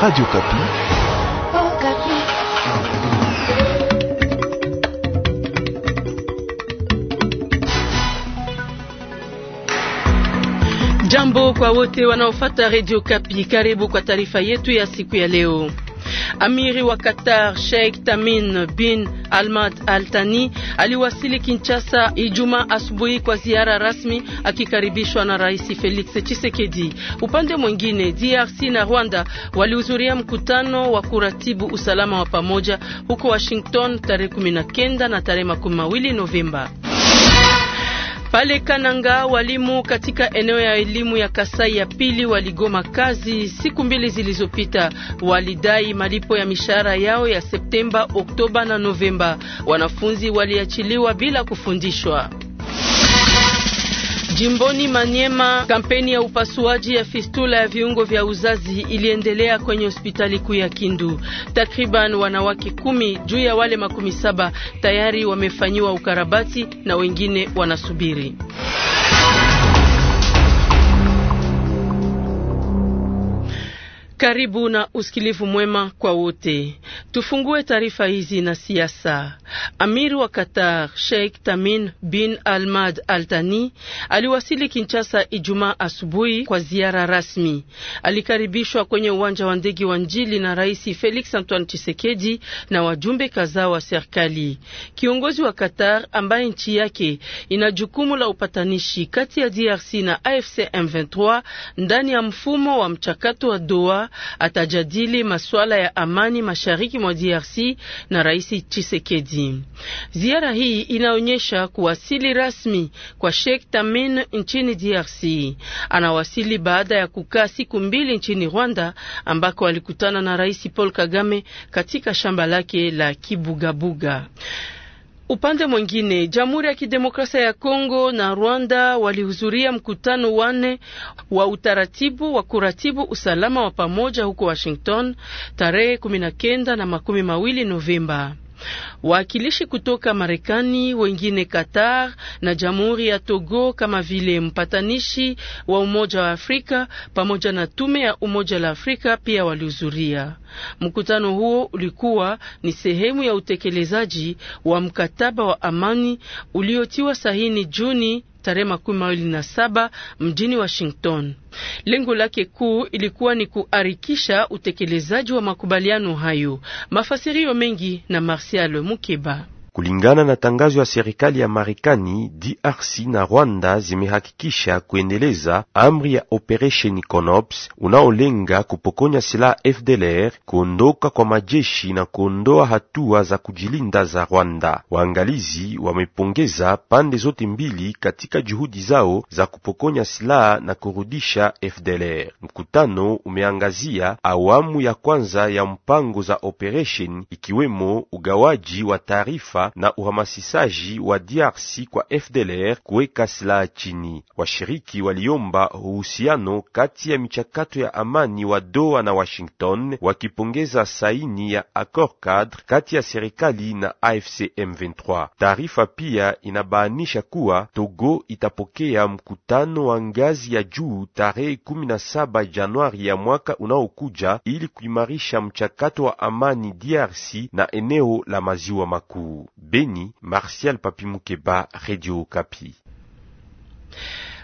Radio Kapi. Oh, Kapi. Jambo kwa wote wanaofuata Radio Kapi. Karibu kwa taarifa yetu ya siku ya leo. Amiri wa Qatar Sheikh Tamim bin Ahmad Al Thani aliwasili Kinshasa Ijumaa asubuhi kwa ziara rasmi akikaribishwa na Rais Felix Tshisekedi. Upande mwingine, DRC na Rwanda walihudhuria mkutano wa kuratibu usalama wa pamoja huko Washington tarehe 19 na tarehe 20 Novemba. Pale Kananga walimu katika eneo ya elimu ya Kasai ya pili waligoma kazi siku mbili zilizopita. Walidai malipo ya mishahara yao ya Septemba, Oktoba na Novemba. Wanafunzi waliachiliwa bila kufundishwa. Jimboni Manyema, kampeni ya upasuaji ya fistula ya viungo vya uzazi iliendelea kwenye hospitali kuu ya Kindu. Takriban wanawake kumi juu ya wale makumi saba tayari wamefanyiwa ukarabati na wengine wanasubiri. Karibu na usikilivu mwema kwa wote. Tufungue taarifa hizi na siasa. Amir wa Qatar Sheikh Tamim bin Ahmad Al Thani aliwasili Kinshasa Ijumaa asubuhi kwa ziara rasmi. Alikaribishwa kwenye uwanja wa ndege wa Njili na Rais Felix Antoine Tshisekedi na wajumbe kadhaa wa serikali. Kiongozi wa Qatar ambaye nchi yake ina jukumu la upatanishi kati ya DRC na AFC M23 ndani ya mfumo wa mchakato wa Doha atajadili masuala ya amani mashariki mwa DRC na Rais Tshisekedi. Ziara hii inaonyesha kuwasili rasmi kwa Sheikh tamin nchini DRC. Anawasili baada ya kukaa siku mbili nchini Rwanda ambako alikutana na Rais Paul Kagame katika shamba lake la Kibugabuga. Upande mwingine, Jamhuri ya Kidemokrasia ya Kongo na Rwanda walihudhuria mkutano wanne wa utaratibu wa kuratibu usalama wa pamoja huko Washington tarehe kumi na kenda na makumi mawili Novemba. Waakilishi kutoka Marekani, wengine Qatar na Jamhuri ya Togo kama vile mpatanishi wa Umoja wa Afrika pamoja na tume ya Umoja la Afrika pia walihudhuria. Mkutano huo ulikuwa ni sehemu ya utekelezaji wa mkataba wa amani uliotiwa sahini Juni tarehe makumi mawili na saba mjini Washington. Lengo lake kuu ilikuwa ni kuharikisha utekelezaji wa makubaliano hayo. Mafasirio mengi na Marsial Mukeba. Kulingana na tangazo ya serikali ya Marekani, DRC na Rwanda zimehakikisha kuendeleza amri ya Operation Conops unaolenga kupokonya silaha FDLR, kuondoka kwa majeshi na kuondoa hatua za kujilinda za Rwanda. Waangalizi wamepongeza pande zote mbili katika juhudi zao za kupokonya silaha na kurudisha FDLR. Mkutano umeangazia awamu ya kwanza ya mpango za operation ikiwemo ugawaji wa taarifa taifa na uhamasishaji wa DRC kwa FDLR kuweka silaha chini. Washiriki waliomba uhusiano kati ya michakato ya amani wa Doha na Washington, wakipongeza saini ya accord cadre kati ya serikali na AFC M23. Taarifa pia inabainisha kuwa Togo itapokea mkutano wa ngazi ya juu tarehe 17 Januari ya mwaka unaokuja ili kuimarisha mchakato wa amani DRC na eneo la maziwa makuu. Béni, Martial Papimoukeba, Radio Capi.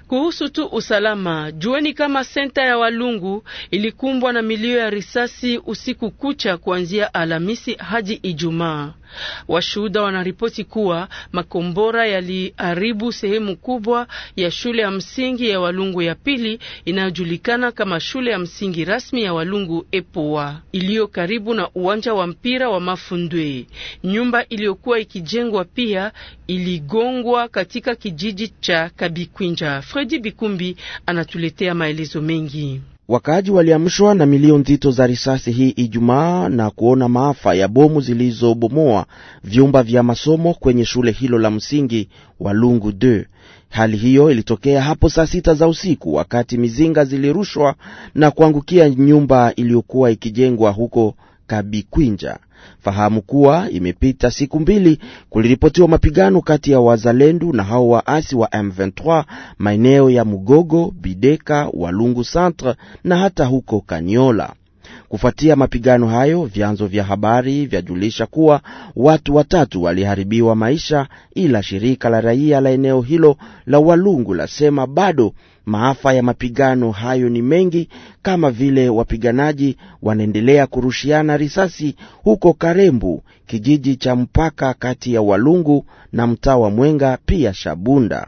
Kuhusu tu usalama, jueni kama senta ya Walungu ilikumbwa na milio ya risasi usiku kucha kuanzia Alhamisi hadi Ijumaa. Washuhuda wanaripoti kuwa makombora yaliharibu sehemu kubwa ya shule ya msingi ya Walungu ya pili inayojulikana kama shule ya msingi rasmi ya Walungu Epoa iliyo karibu na uwanja wa mpira wa Mafundwe. Nyumba iliyokuwa ikijengwa pia iligongwa katika kijiji cha Kabikwinja. Fredi Bikumbi anatuletea maelezo mengi. Wakaaji waliamshwa na milio nzito za risasi hii Ijumaa na kuona maafa ya bomu zilizobomoa vyumba vya masomo kwenye shule hilo la msingi Lungu 2. Hali hiyo ilitokea hapo saa sita za usiku wakati mizinga zilirushwa na kuangukia nyumba iliyokuwa ikijengwa huko Kabikwinja. Fahamu kuwa imepita siku mbili kuliripotiwa mapigano kati ya wazalendu na hao waasi wa M23 maeneo ya Mugogo, Bideka, Walungu Centre na hata huko Kaniola. Kufuatia mapigano hayo, vyanzo vya habari vyajulisha kuwa watu watatu waliharibiwa maisha, ila shirika la raia la eneo hilo la Walungu lasema bado maafa ya mapigano hayo ni mengi, kama vile wapiganaji wanaendelea kurushiana risasi huko Karembu, kijiji cha mpaka kati ya Walungu na mtaa wa Mwenga, pia Shabunda.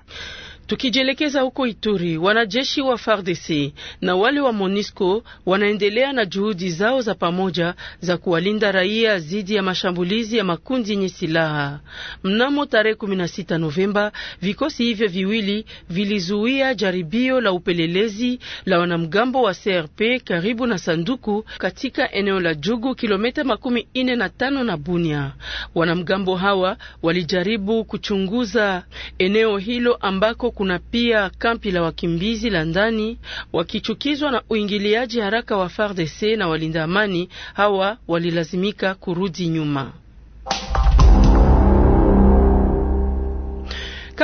Tukijielekeza huko Ituri, wanajeshi wa FARDC na wale wa MONUSCO wanaendelea na juhudi zao za pamoja za kuwalinda raia dhidi ya mashambulizi ya makundi yenye silaha. Mnamo tarehe 16 Novemba, vikosi hivyo viwili vilizuia jaribio la upelelezi la wanamgambo wa CRP karibu na sanduku katika eneo la Jugu, kilomita makumi na na Bunia. Wanamgambo hawa walijaribu kuchunguza eneo hilo ambako kuna pia kampi la wakimbizi la ndani, wakichukizwa na uingiliaji haraka wa FARDC na walinda amani hawa walilazimika kurudi nyuma.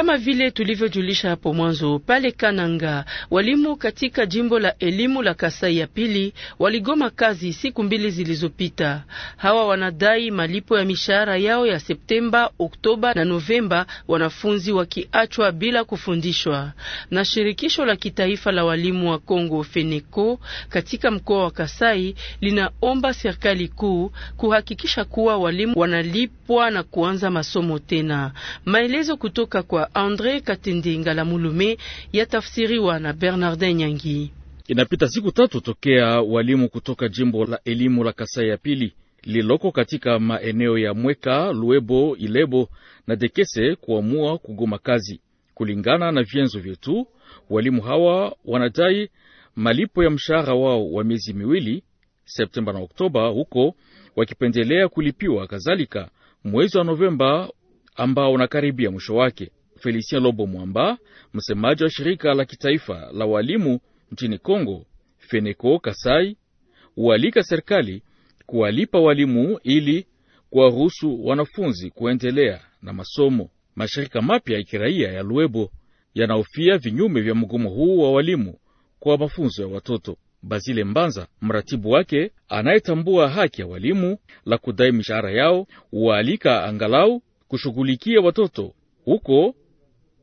Kama vile tulivyojulisha hapo mwanzo, pale Kananga walimu katika jimbo la elimu la Kasai ya pili waligoma kazi siku mbili zilizopita. Hawa wanadai malipo ya mishahara yao ya Septemba, Oktoba na Novemba, wanafunzi wakiachwa bila kufundishwa. Na shirikisho la kitaifa la walimu wa Kongo FENECO katika mkoa wa Kasai linaomba serikali kuu kuhakikisha kuwa walimu wanalipa kupwa na kuanza masomo tena. Maelezo kutoka kwa Andre Katendinga la Mulume yatafsiriwa na Bernardin Nyangi. Inapita siku tatu tokea walimu kutoka jimbo la elimu la Kasai ya pili liloko katika maeneo ya Mweka, Luebo, Ilebo na Dekese kuamua kugoma kazi. Kulingana na vyanzo vyetu, walimu hawa wanadai malipo ya mshahara wao wa miezi miwili, Septemba na Oktoba, huko wakipendelea kulipiwa kadhalika Mwezi wa Novemba ambao unakaribia mwisho wake, Felicien Lobo Mwamba, msemaji wa shirika la kitaifa la walimu nchini Kongo Feneko Kasai, hualika serikali kuwalipa walimu ili kuwaruhusu wanafunzi kuendelea na masomo. Mashirika mapya ya kiraia ya Luebo yanahofia vinyume vya mgomo huu wa walimu kwa mafunzo ya watoto bazile Mbanza, mratibu wake anayetambua haki ya walimu la kudai mishahara yao, waalika angalau kushughulikia watoto huko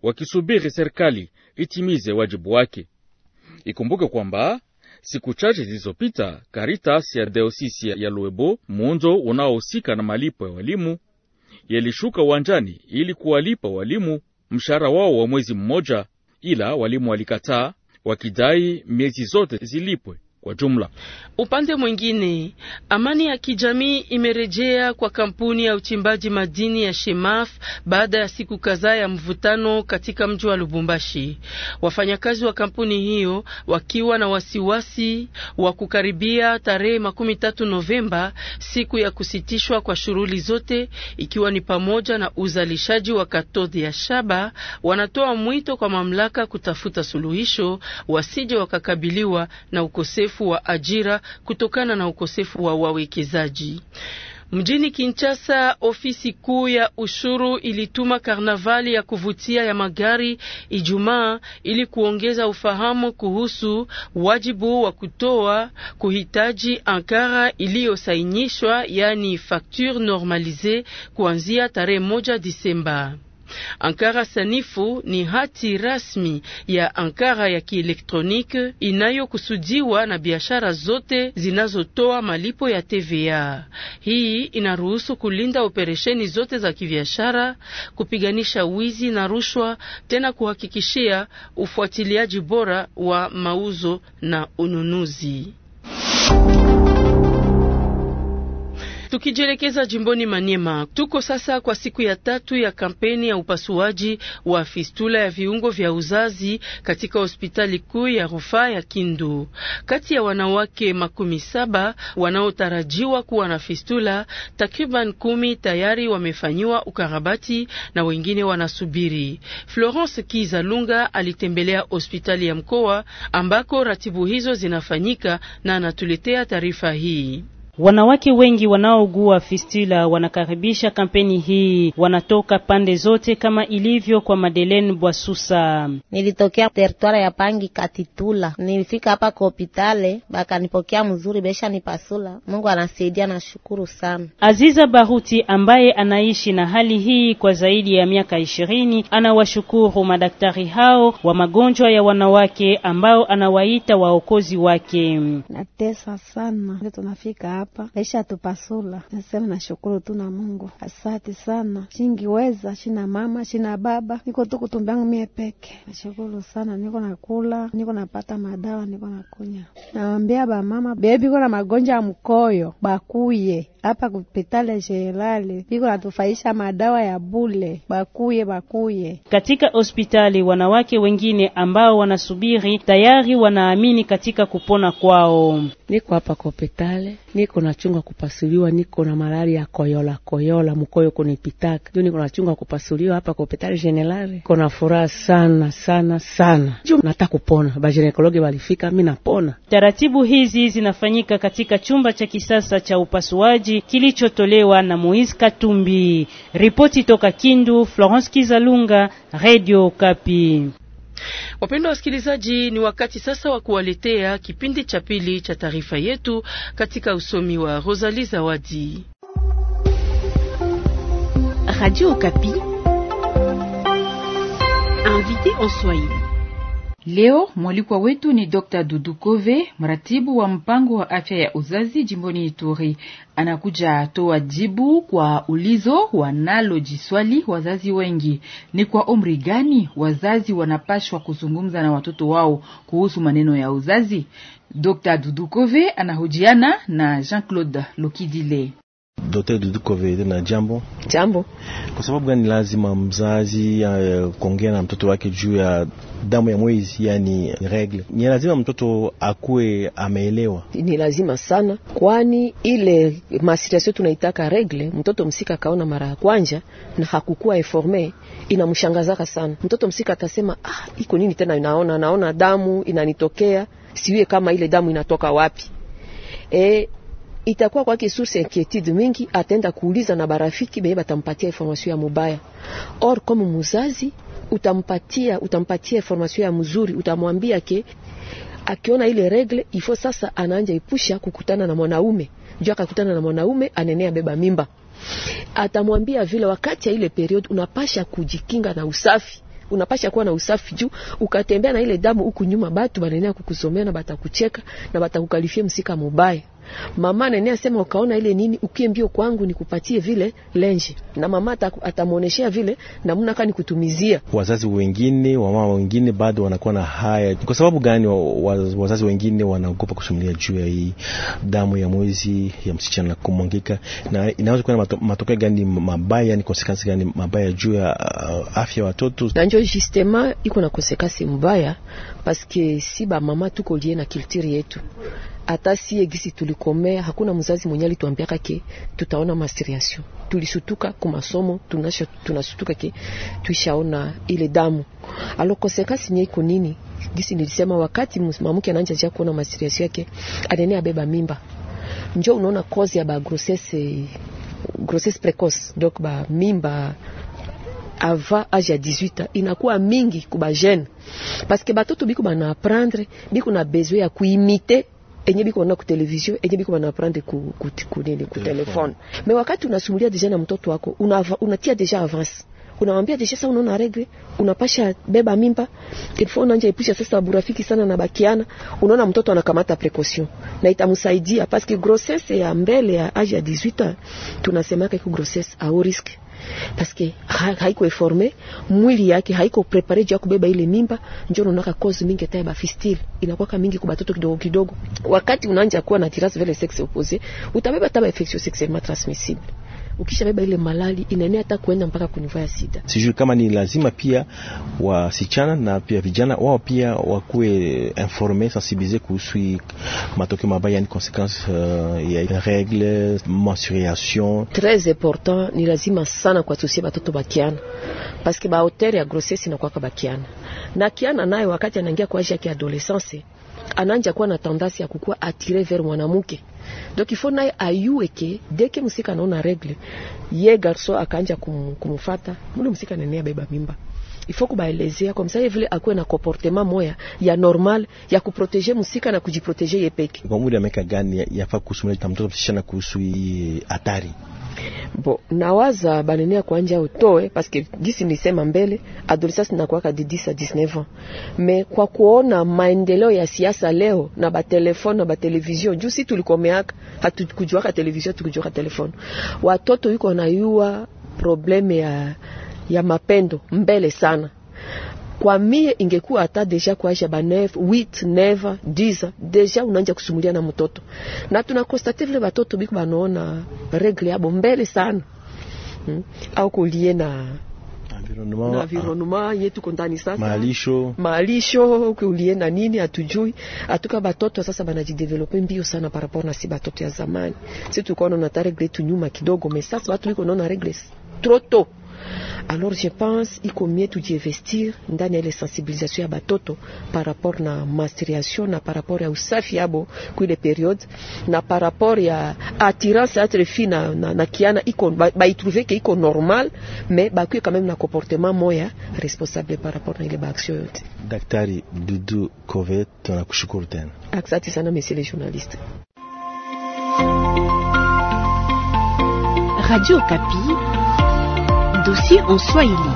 wakisubiri serikali itimize wajibu wake. Ikumbuke kwamba siku chache zilizopita Karitas ya deosisi ya Luebo, muunzo unaohusika na malipo ya walimu, yalishuka uwanjani ili kuwalipa walimu mshahara wao wa mwezi mmoja, ila walimu walikataa wakidai miezi zote zilipwe kwa jumla. Upande mwingine, amani ya kijamii imerejea kwa kampuni ya uchimbaji madini ya Shemaf baada ya siku kadhaa ya mvutano katika mji wa Lubumbashi. Wafanyakazi wa kampuni hiyo wakiwa na wasiwasi wa kukaribia tarehe makumi tatu Novemba, siku ya kusitishwa kwa shughuli zote, ikiwa ni pamoja na uzalishaji wa katodi ya shaba, wanatoa mwito kwa mamlaka kutafuta suluhisho, wasije wakakabiliwa na ukosefu ukosefu wa ajira kutokana na ukosefu wa wawekezaji. Mjini Kinshasa, ofisi kuu ya ushuru ilituma karnavali ya kuvutia ya magari Ijumaa ili kuongeza ufahamu kuhusu wajibu wa kutoa kuhitaji ankara iliyosainishwa, yaani facture normalisee kuanzia tarehe moja Disemba. Ankara sanifu ni hati rasmi ya Ankara ya kielektroniki inayokusudiwa na biashara zote zinazotoa malipo ya TVA. Hii inaruhusu kulinda operesheni zote za kibiashara, kupiganisha wizi na rushwa, tena kuhakikishia ufuatiliaji bora wa mauzo na ununuzi. Tukijielekeza jimboni Maniema, tuko sasa kwa siku ya tatu ya kampeni ya upasuaji wa fistula ya viungo vya uzazi katika hospitali kuu ya rufaa ya Kindu. Kati ya wanawake makumi saba wanaotarajiwa kuwa na fistula, takriban kumi tayari wamefanyiwa ukarabati na wengine wanasubiri. Florence Kizalunga alitembelea hospitali ya mkoa ambako ratibu hizo zinafanyika na anatuletea taarifa hii. Wanawake wengi wanaougua fistula wanakaribisha kampeni hii, wanatoka pande zote, kama ilivyo kwa Madeleine Bwasusa. Nilitokea teritwari ya Pangi Katitula, nilifika hapa kwa hopitale, bakanipokea mzuri, besha nipasula. Mungu anasaidia, nashukuru sana. Aziza Baruti ambaye anaishi na hali hii kwa zaidi ya miaka ishirini anawashukuru madaktari hao wa magonjwa ya wanawake ambao anawaita waokozi wake. Natesa sana tunafika hapa aisha tupasula. Nasema nashukuru tu na Mungu, asante sana. Shingiweza, shina mama, shina baba, niko tu kutumbangu mie peke. Nashukuru sana, niko nakula, niko napata madawa, niko nakunya. Nawambia bamama bebi na magonjwa ya mkoyo bakuye hapa kupitale jenerali, biko natufaisha madawa ya bule, bakuye bakuye. Katika hospitali wanawake wengine ambao wanasubiri tayari wanaamini katika kupona kwao niko hapa kwa kopetale, niko nachunga kupasuliwa, niko na malaria ya koyola koyola, mkoyo kunipitaka juu niko nachunga kupasuliwa hapa kwa kopetale generale. Kona furaha sana sana sana juu nataka kupona, baginekologi walifika, mi napona. Taratibu hizi zinafanyika katika chumba cha kisasa cha upasuaji kilichotolewa na Moise Katumbi. Ripoti toka Kindu, Florence Kizalunga, Radio Kapi. Wapendwa wasikilizaji, ni wakati sasa wa kuwaletea kipindi cha pili cha taarifa yetu katika usomi wa Rosalie Zawadi. Radio Okapi, invité en Swahili. Leo mwalikwa wetu ni Dr. Dudukove, mratibu wa mpango wa afya ya uzazi jimboni Ituri. Anakuja toa jibu kwa ulizo wanalojiswali wazazi wengi: ni kwa umri gani wazazi wanapashwa kuzungumza na watoto wao kuhusu maneno ya uzazi? Dr. Dudukove anahojiana na Jean-Claude Lokidile. Daktari Dudukove na jambo. Jambo. Kwa sababu gani lazima mzazi uh, kuongea na mtoto wake juu ya damu ya mwezi, yani regle? Ni lazima mtoto akuwe ameelewa, ni lazima sana, kwani ile masituasio tunaitaka regle, mtoto msika akaona mara ya kwanja na hakukuwa informe, inamshangazaka sana mtoto msika. Atasema ah, iko nini tena? Naona naona damu inanitokea, siwe kama ile damu inatoka wapi? E, itakuwa kwake source inquiétude mingi, atenda kuuliza na barafiki beye batampatia information ya mubaya. Or kama muzazi utampatia utampatia information ya mzuri, utamwambia ke akiona ile regle ifo sasa, anaanja ipusha kukutana na mwanaume juu akakutana na mwanaume anenea beba mimba, atamwambia vile wakati ya ile period unapasha kujikinga na usafi unapasha kuwa na usafi juu ukatembea na ile damu huku nyuma, batu banenea kukusomea na batakucheka na batakukalifia msika mubaya mama nene asema ukaona ile nini, ukie mbio kwangu nikupatie vile lenje, na mama atamuoneshea vile namna kani kutumizia. Wazazi wengine wamama wengine bado wanakuwa na haya. Kwa sababu gani wazazi wengine wanaogopa kusimulia juu ya hii damu ya mwezi ya msichana kumwangika, na inaweza kuwa na matokeo gani mabaya, ni konsekansi gani mabaya juu ya uh, afya ya watoto, na njo sistema iko na konsekansi mbaya paske si ba mama tuko lie na kiltiri yetu hata si egisi tulikomea, hakuna mzazi mwenye alituambia kake tutaona masiriasio. Tulisutuka kwa masomo, tunasha tunasutuka ke tuishaona ile damu alo konsekasi nye iko nini? Gisi nilisema wakati mwanamke anaanza ja kuona masiriasio yake, anene abeba mimba, njo unaona kozi ya ba grossesse grossesse precoce, donc ba mimba ava age ya 18 inakuwa mingi kuba jeune, parce que batoto biko bana apprendre biko na besoin ya kuimite enye biko na ku television enye biko banaprendre ku ku, ku, nini ku telefone. Me wakati unasubulia deja na mtoto wako unatia deja avance unamwambia deja sasa, unaona regle unapasha beba mimba telefone unanja epusha sasa burafiki sana na bakiana, unaona mtoto anakamata precaution na itamsaidia, parce que grossesse ya mbele ya age ya 18 ans tunasemaka iko grossesse au risque paske haiko eforme mwili yake haiko prepare juu ya kubeba ile mimba, njo unaka cause mingi tayari ba fistile inakuwa kama mingi kwa batoto kidogo kidogo. Wakati unaanza kuwa na tirasi vele sexe opposé, utabeba taba infection sexuellement transmissible ukishabeba ile malali inaenea hata kuenda mpaka ya sita. Sijui kama ni lazima pia wasichana na pia vijana wao pia wakuwe informe sensibilize kuhusu matokeo mabaya, yani consequence uh, ya regle mensuration tres important. Ni lazima sana kuwatusia batoto bakiana paske bahotere ya grossesse inakuwaka bakiana na kiana naye wakati anaingia kwa age ya kiadolescence ananja kuwa na tendance ya kukua atire vers mwanamke donc il faut naye ayue ke deke msika anaona regle ye garso akanja kum, kumfata mule msika nenea beba mimba il faut kubaelezea comme ça vile akuwe na comportement moya ya normal ya kuproteje msika na kujiproteje yepeke. Kwa muda ameka gani yafaa kuhusu mtoto msichana kuhusu hii hatari bo nawaza banenia kwanja utoe paske gisi nisema mbele adolescence inakuwaka de 10 a 19 ans me kwa kuona maendeleo ya siasa leo na batelefone na batelevizio juu si tulikomeaka hatukujuaka televizio hatukujuaka telefone watoto yuko nayua probleme ya, ya mapendo mbele sana kwa mie ingekuwa hata deja kwaisha ba 9 8 9 10 deja unaanza kusumulia na mtoto, na tunakonstate vile batoto biko banaona regle yabo mbele sana hmm. au kulie na na vironuma ah, yetu kondani sasa, malisho malisho kulie na nini atujui atuka batoto sasa banajidevelope mbio sana parapor na si batoto ya zamani. Si tulikuwa naona regle yetu nyuma kidogo, me sasa batu biko naona regle troto alors je pense iko mietu jiinvestir investir dans les sensibilisations ya batoto par rapport na la na par rapport à Safiabo, yabo kuile periode na par rapport ya attirance entre fille na, na, na kiana iko baitrouve bah, ba ke iko normal mais bakuye quand même un comportement moya hein, responsable par rapport na ile baaction Doudou Daktari on a tunakushukuru tena. Asante ah, sana monsieur le journaliste. Radio Kapi dossier en Swahili.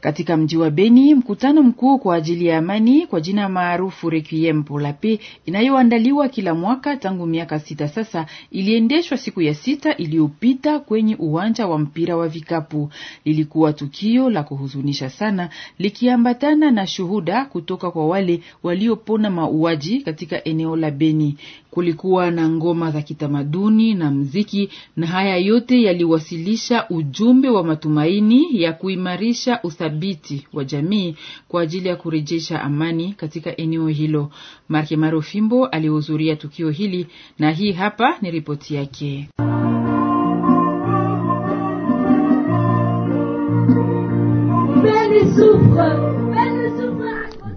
Katika mji wa Beni, mkutano mkuu kwa ajili ya amani kwa jina maarufu Requiem pour la Paix inayoandaliwa kila mwaka tangu miaka sita sasa, iliendeshwa siku ya sita iliyopita kwenye uwanja wa mpira wa vikapu. Lilikuwa tukio la kuhuzunisha sana, likiambatana na shuhuda kutoka kwa wale waliopona mauaji katika eneo la Beni kulikuwa na ngoma za kitamaduni na mziki, na haya yote yaliwasilisha ujumbe wa matumaini ya kuimarisha uthabiti wa jamii kwa ajili ya kurejesha amani katika eneo hilo. Marke fimbo alihudhuria tukio hili na hii hapa ni ripoti yake.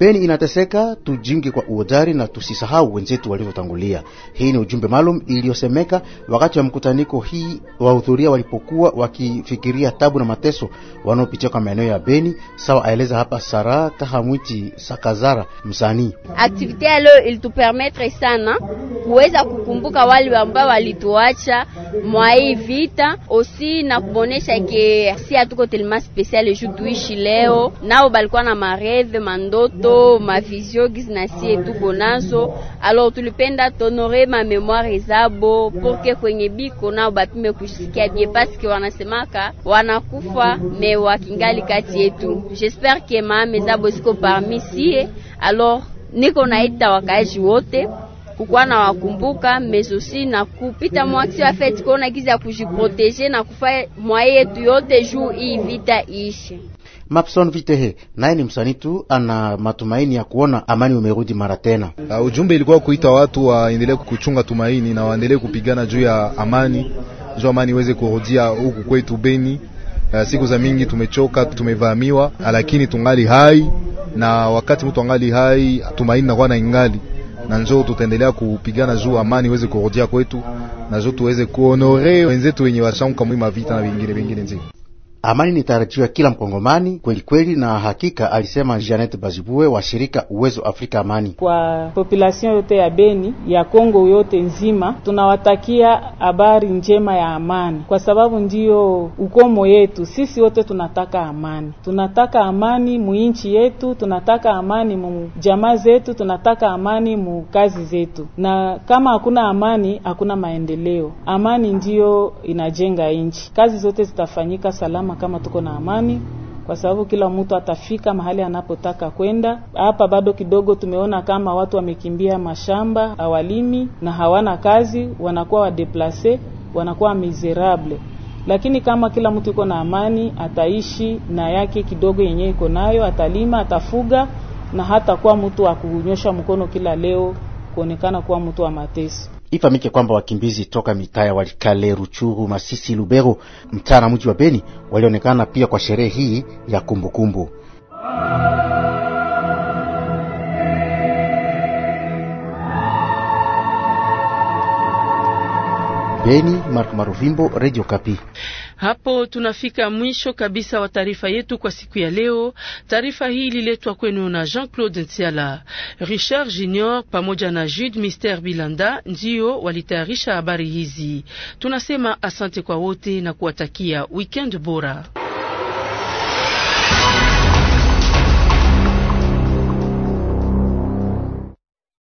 Beni inateseka, tujingi kwa uodari na tusisahau wenzetu walivyotangulia. Hii ni ujumbe maalum iliyosemeka wakati wa mkutaniko hii wahudhuria walipokuwa wakifikiria tabu na mateso wanaopitia kwa maeneo ya Beni. Sawa aeleza hapa Sara Kahamwiti Sakazara, msanii. Aktivite ya leo ilitupermetre sana kuweza kukumbuka wale ambao walituacha mwai vita osi na kubonesha ke si hatuko telema spesiale ju tuishi leo, nao balikuwa na mareve mandoto njo mavizio gizi na sie tuko nazo. Alors tulipenda tonore ma memoire zabo porque kwenye biko nao bapime kusikia bien, parce wanasemaka wanakufa me wakingali kati yetu. J'espère que mame zabo ziko parmi sie. Alors niko naita wakaaji wote kukwa na wakumbuka mezosi na kupita mwakisi wa feti kona gizi ya kujiproteje na kufa mwaye yetu yote juu hii vita iishe. Mapson Vitehe naye ni msanii tu, ana matumaini ya kuona amani umerudi mara tena. Uh, ujumbe ilikuwa kuita watu waendelee kuchunga tumaini na waendelee kupigana juu ya amani, juu amani iweze kurudia huku kwetu Beni. Uh, siku za mingi tumechoka, tumevamiwa, lakini tungali hai, na wakati mtu angali hai tumaini nakuwa na ingali na njoo tutaendelea kupigana juu amani iweze kurudia kwetu, na njoo tuweze kuonore wenzetu wenye washamka mwima vita na vingine vingine nzima. Amani ni tarajio ya kila mkongomani kweli kweli, na hakika alisema Janet Bazibue wa shirika Uwezo Afrika Amani. Kwa population yote ya Beni ya Kongo yote nzima, tunawatakia habari njema ya amani, kwa sababu ndiyo ukomo yetu sisi wote. Tunataka amani, tunataka amani muinchi yetu, tunataka amani mu jamaa zetu, tunataka amani mu kazi zetu, na kama hakuna amani hakuna maendeleo. Amani ndiyo inajenga nchi, kazi zote zitafanyika salama kama tuko na amani, kwa sababu kila mtu atafika mahali anapotaka kwenda. Hapa bado kidogo tumeona kama watu wamekimbia mashamba, hawalimi na hawana kazi, wanakuwa wadeplase, wanakuwa miserable. Lakini kama kila mtu yuko na amani, ataishi na yake kidogo yenyewe iko nayo, atalima, atafuga na hatakuwa mtu wa kunyosha mkono kila leo kuonekana kuwa mtu wa mateso. Ifahamike kwamba wakimbizi toka mitaa ya Walikale, Ruchuru, Masisi, Lubero, mtaa na mji wa Beni walionekana pia kwa sherehe hii ya kumbukumbu kumbu. Beni, Mark Maruvimbo, Radio Kapi. Hapo tunafika mwisho kabisa wa taarifa yetu kwa siku ya leo. Taarifa hii ililetwa kwenu na Jean-Claude Ntiala. Richard Junior pamoja na Jude Mister Bilanda ndio walitayarisha habari hizi. Tunasema asante kwa wote na kuwatakia weekend bora.